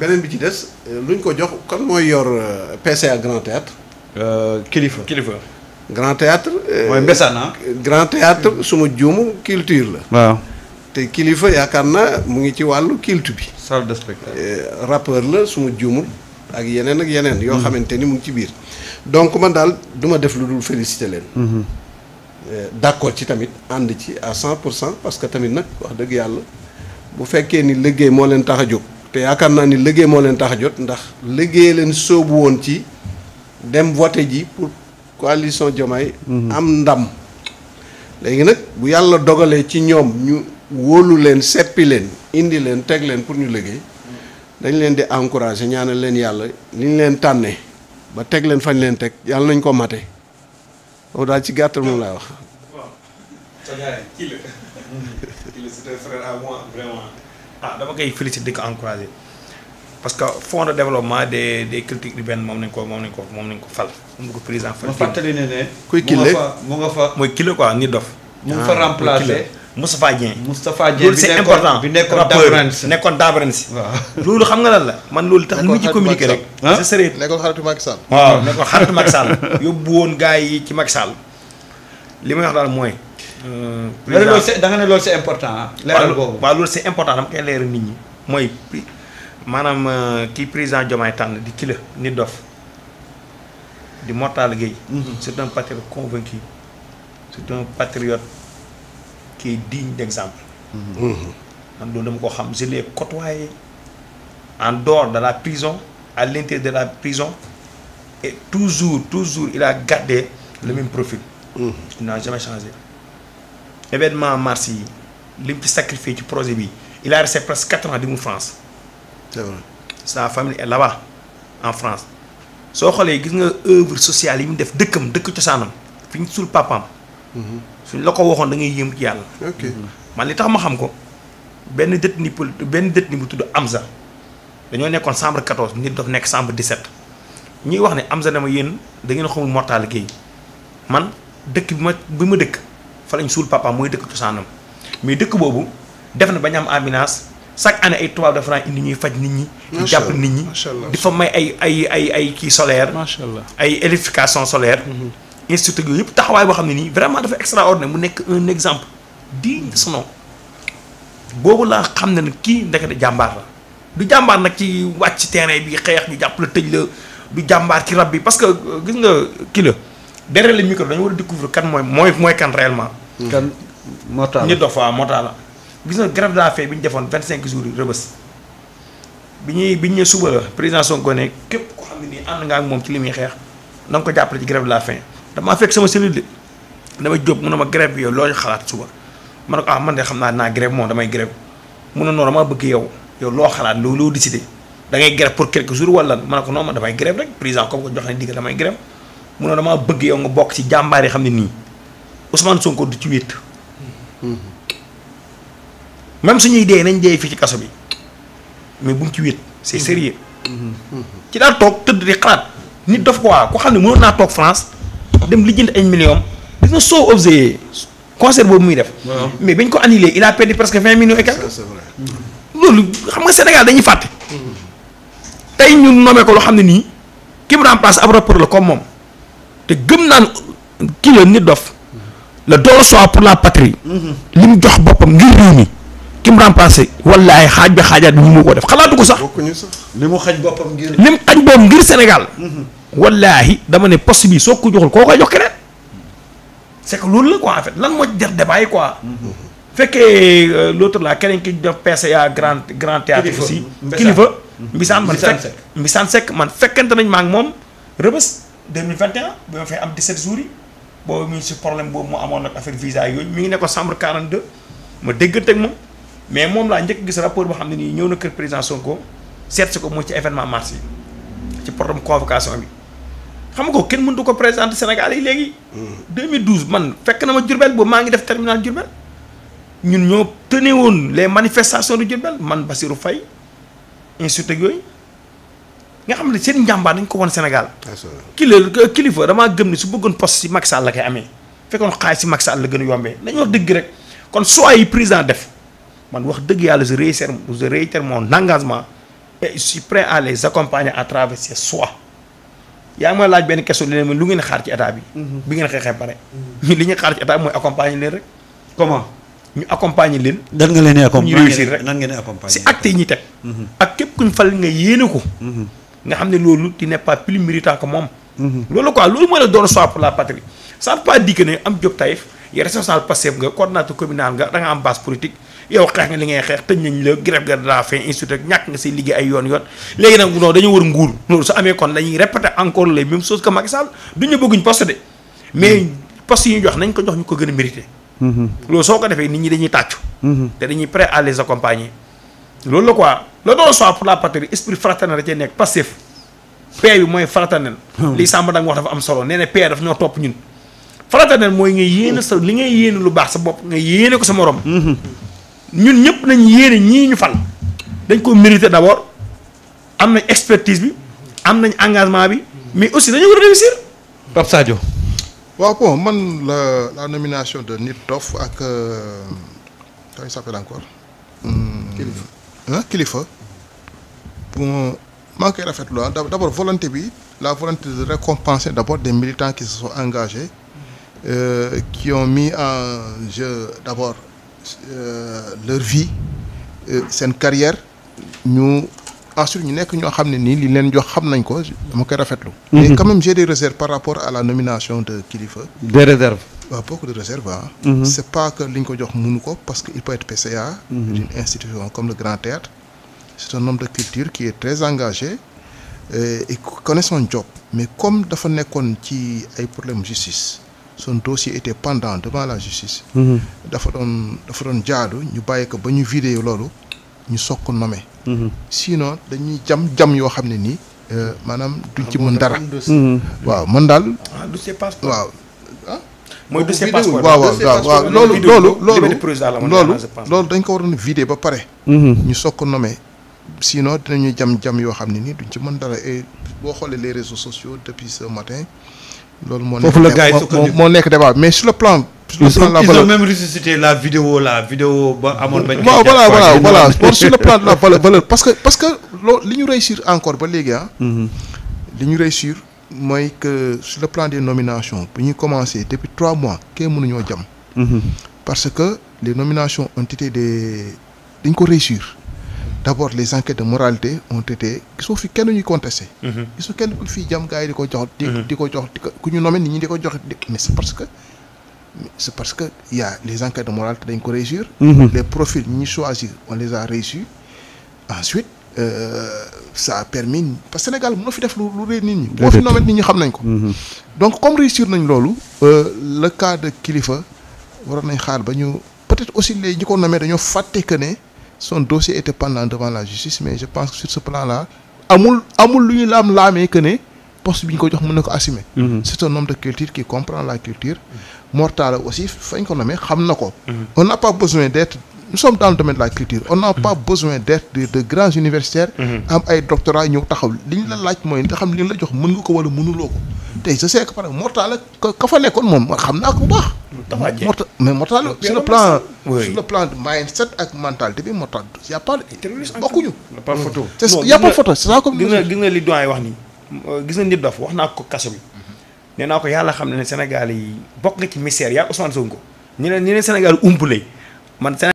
beneen bi ci des lu euh, luñ ko jox kon mooy yor euh, PCA Grand Théâtre kilifa euh, kilifa. Grand Théâtre mooy Mbessane Grand Théâtre suma juumu culture la. te kilifa yaakaar naa mu ngi ci wàllu culture bi. salle de spectacle. rappeur la suma juumul ak yeneen ak yeneen. yoo hmm. xamante ni mu ngi ci biir. donc man daal du ma def lu dul féliciter leen. Hmm. d'accord ci tamit ànd ci à 100 pour cent parce que tamit nag wax dëgg yàlla bu fekkee ni liggéey moo leen tax a jóg. te yaakaar naa ni liggéey moo leen tax jot ndax léggéey leen sóobu woon ci dem voté ji pour coalition Diomaye mhm. am ndam léegi nag bu yàlla dogalee ci ñoom ñu wóolu leen seppi leen indi leen teg leen pour ñu liggéey dañ leen di encourager ñaanal leen yàlla li ñu leen tànnee ba teg leen fañ leen teg yàlla nañ ko mate loolu daal ci gàttal moom laay wax. ah dama koy féliciter di ko encourager parce que fonds de développement des des cultures urbaines moom nañ ko moom nañ ko moom nañ ko fal. moom nañ ko président fal. ma fàttali ne ne. kuy kile mu nga fa mooy kile mu nga fa ah, remplacer Moustapha Dieng. Moustapha Dieng bi nekkoon bi loolu xam nga lan la man loolu tax lu ci communiqué rek. ce serait nekkoon xaritu Macky Sall. waaw nekkoon xaritu Macky yóbbu woon gaa yi ci Macky Sall li ma wax daal mooy. président da nga ne loolu c'est important ah. leeral boobu waaw loolu c'est important dama koy leeral nit ñi mooy maanaam euh, kii président Diomaye tànn di kila nit dof di Mortalla Gueye. Mhm. c'est un patriote convaincu c'est un patriote qui est digne d'exemple. Mhm. Mhm. loolu dama ko xam je l'ai côtoyé en dehors de la prison à l'intérieur de la prison et toujours toujours il a gardé le même profil. il n'a jamais changé. événement mars yi li mu ci sacrifié ci projet bi il a resté presque quatre ans di mu France. sa famille et là-bas en France soo xoolee gis nga œuvre sociale yi mu def dëkkam dëkk cosaanam fi ñu suul papaam. Mhm. suñ la ko waxoon da ngay yëm yàlla. Mhm. man li tax ma xam ko benn détenu poli benn détenu bu tudd Amza dañoo nekkoon chambre 14 nit daf nekk chambre 17 ñuy wax ne Amza dama yéen da ngeen xamul mortal gi man dëkk bi ma bi dëkk. fa lañ suul papa mooy dëkk cosaanam mais dëkk boobu def na bañ am ambiance chaque année ay tubaab de France indi ñuy faj nit ñi. di jàpp nit ñi di fa may ay ay ay ay kii solaire. macha allah ay électrification solaire. Mhm. institut yooyu yëpp taxawaay boo xam ne nii vraiment dafa extraordinaire mu nekk un exemple digne de son boobu laa xam ne nag kii ndekete jàmbaar la du jàmbaar nag ci wàcc ci terrain bi xeex ñu jàpp la tëj la du jàmbaar ci rab bi parce que euh, gis nga kii la derrière le micro mooy mooy mooy Mhm. kan Mota la ñu dof waaw la. gis nga grève de bi ñu defoon vingt cinq jours yi rëbës bi ñuy bi ñu suba président Sonko ne képp ko xam ne nii ànd nga ak moom ci li muy xeex na nga ko jàppale ci grève de la faim damaa fekk sama cellule dama jóg mu ne ma grève yow loo xalaat suba ma ne ko ah man de xam naa naa grève moom damay grève mu na noonu dama bëgg yow yow loo xalaat loo loo décidé da ngay grève pour quelques jours wala ma ne ko non man damay grève rek président comme ko jox na digg bëgg yow nga bokk ci jàmbaar yi xam ne nii Ousmane Sonko du ci wéet. Hmm. même suñuy dee nañ dee fii ci kaso bi mais bu mu ci wéet c'est hmm. sérieux hmm. ci daal toog tëdd di xalaat nit dof ko waa ko xam ne mënoon naa toog France dem lijjanti ay million gis nga soo observé concert boobu muy def. mais bañ ko annulé il a perdu presque vingt millions et quelques. c'est vrai loolu xam nga Sénégal dañuy fàtte. tey ñu nommé ko loo xam ne nii ki mu remplace ab rappeur la comme moom te gëm naan kii la nit dof. le don soit pour la patrie. Mhm. li mu jox boppam ngir réew mi. ki mu remplacé wallaay xaaj ba xaajaat bi ñu mu ko def xalaatu ko sax. li mu xaj boppam ngir. li mu xaj boppam ngir Sénégal. Mhm. wallaahi dama ne poste bi soo ko joxul koo koy jox keneen. c' que loolu la quoi en lan moo ci def débat yi quoi. Mhm. fekkee euh, l' autre là keneen ki def PCA grand grand théâtre aussi kilifa mbisaan man fekk mbisaan sekk man fekkente nañ maa ngi moom rëbës 2021 bi ma fay am 17 jours yi. boobu mi ngi si boobu mu amoon nag affaire visa yooyu mi ngi ne ko chambre 42 ma déggante teg moom mais moom laa njëkk gis rapport boo xam ne nii ñëw na kër président Sonko seet si ko mooy ci événement mars yi ci problème convocation bi xam nga ko kenn mëntu ko présenter Sénégal yi léegi. 2012 mm. man fekk na ma Diourbel boobu maa ngi def terminal Diourbel ñun ñoo tëne woon les manifestation de Diourbel man Bassirou Faye insulte ak yooyu. nga xam ne seen njàmbaar dañ ko woon Sénégal. kili kilifa damaa gëm ne su bëggoon poste si Macky sa la koy amee fekkoon xaalis si Macky Sall la gën a yombee nañ wax dëgg rek kon choix yi président def man wax dëgg yàlla je réitère je réitère mon engagement et je à les accompagner à travers ces choix yaa benn question li lu ngeen xaar ci état bi mhm. bi ngeen xeexee pare mhm. ñu li ñu xaar ci état bi mooy accompagner leen rek comment ñu accompagner leen dan nga leen accompagner ñu réussir rek nan si acte yi ñuy teg mhm. ak képp kuñ fal nga yéene ko nga xam ne loolu tu n'es pas plus méritant que moom. Mhm. loolu quoi loolu mooy la doon choix pour la patrie ça pas dire que am Diop Taïf yow responsable Pastef nga coordonnateur communal xeex nga li ngay xeex tëj nañ la grève ga de la faim institut ak ñàkk nga say liggéey ay yoon yoon léegi nag non dañu war nguur loolu su amee kon dañuy répéter encore les mêmes de mais mhm. poste yi ñu jox nañ ko jox ñu ko gën a mérité mhm. loolu soo ko defee nit ñi dañuy tàccu te dañuy prêt à les accompagner loolu la quoi le don soit pour la patrie esprit fraternel da cee nekk passif paix bi mooy fraternel. Hmm. li Samba da nga wax dafa am solo nee na paix daf ñoo topp ñun. fraternel mooy nga yéene sa li ngay yéene lu baax sa bopp nga yéene ko sa morom. Hmm. ñun ñëpp nañ yéene ñii ñu fal. dañ ko mérité d'abord am nañ expertise bi am nañ engagement bi mais aussi dañu war a réussir. Pape Sadio. waaw bon man la nomination de Nit Doff ak euh, comment il s'appelle encore. Hmm. kilifa bon maa ngi koy rafetlu ah d' abord volonté bi la volonté de récompenser d' abord des militants qui se sont engagés euh, qui mis en jeu d' abord euh, leur vie euh, seen carrière ñu ensuite ñu nekk ñoo xam ne nii li leen jox xam nañ ko dama koy rafetlu. Mm-hmm. mais quand même j'ai des par rapport à la nomination de Kilifeu. des réserves. a beaucoup de réserve mm -hmm. c'est pas que li ñu ko jox mënu ko parce que il peut PCA mm institution comme le Grand Théâtre c'est un homme de culture qui est très engagé euh, et connaît job mais comme dafa nekkoon ci ay problème justice son dossier était pendant devant la justice mhm. dafa doon dafa doon jaadu ñu bàyyi ko ba ñu vidé loolu ñu soog ko mhm. sinon dañuy jam jam yoo xam ne nii euh, maanaam duñ ci ah mën dara mhm. waaw man daal ah, waaw mooy dossier passeport waaw waaw waaw loolu loolu loolu loolu loolu dañ ko waroon vider ba pare mhm. ñu soog ko nommer sinon dinañu jam-jam yoo xam ne nii duñ ci man dara boo xoolee les réseaux sociaux depuis ce matin loolu moo nekk foofu la moo nekk débat mais sur le plan le plan de la valeur ils ont la vidéo la vidéo ba amoon bañ waaw le plan de la parce que parce que loolu li ñu réussir encore ba léegi ah, mhm. li ñu réussir mooy que sur le plan des nomination bi ñu commencé depuis trois mois kenn mënuñoo jam mhm. parce que les nominations ont été des dañ ko réussir d' abord les enquêtes de moralité ont été gisoo fi kenn ñuy contesté mhm. gisoo kenn ku fii jam gars yi di ko jox di mhm. ko jox ku ñu nomé nit ñi di ko jox mais c' parce que c' parce que y les enquêtes de moralité dañ ko réussir les profils ñi choisir on les a réussi ensuite Euh, ça a permis parce que Sénégal mënoo fi def lu lu rëy nit ñi. moo fi nommet nit ñi xam nañ ko. Mhm. donc comme réussir nañ loolu. Euh, le cas de Kilifeu waroon nañ xaar ba ñu peut-être aussi léegi ñi ko nommé dañoo fàtte que ne son dossier était pendant devant la justice mais je pense que sur ce plan là amul amul lu ñu laam laamee que ne poste bi ñu ko jox mën na ko assumer. Mhm. c'est un homme de culture qui comprend la culture. Mhm. Mortala aussi fañ ko nommé xam na ko. on n'a pas nous sommes dans le domaine de la culture on n'a pas mm-hmm. besoin d'être de, de grands universitaires mm-hmm. am ay doctorat ñëw taxaw li ñu la laaj mooy nga xam li la jox mën nga ko wala mënuloo ko tey je sais que par exemple Mortalla ka fa nekkoon moom xam naa ko bu baax Morta mais Mortalla sur plan sur le ak mentalité bi Mortalla y a pas bokkuñu mm. y a pas gis nga gis nga li wax nii euh, gis nga nit daf wax naa ko kaso bi mm-hmm. nee ko yàlla xam ne Sénégal yi bokk nga ci misère yaa Ousmane Sonko ñu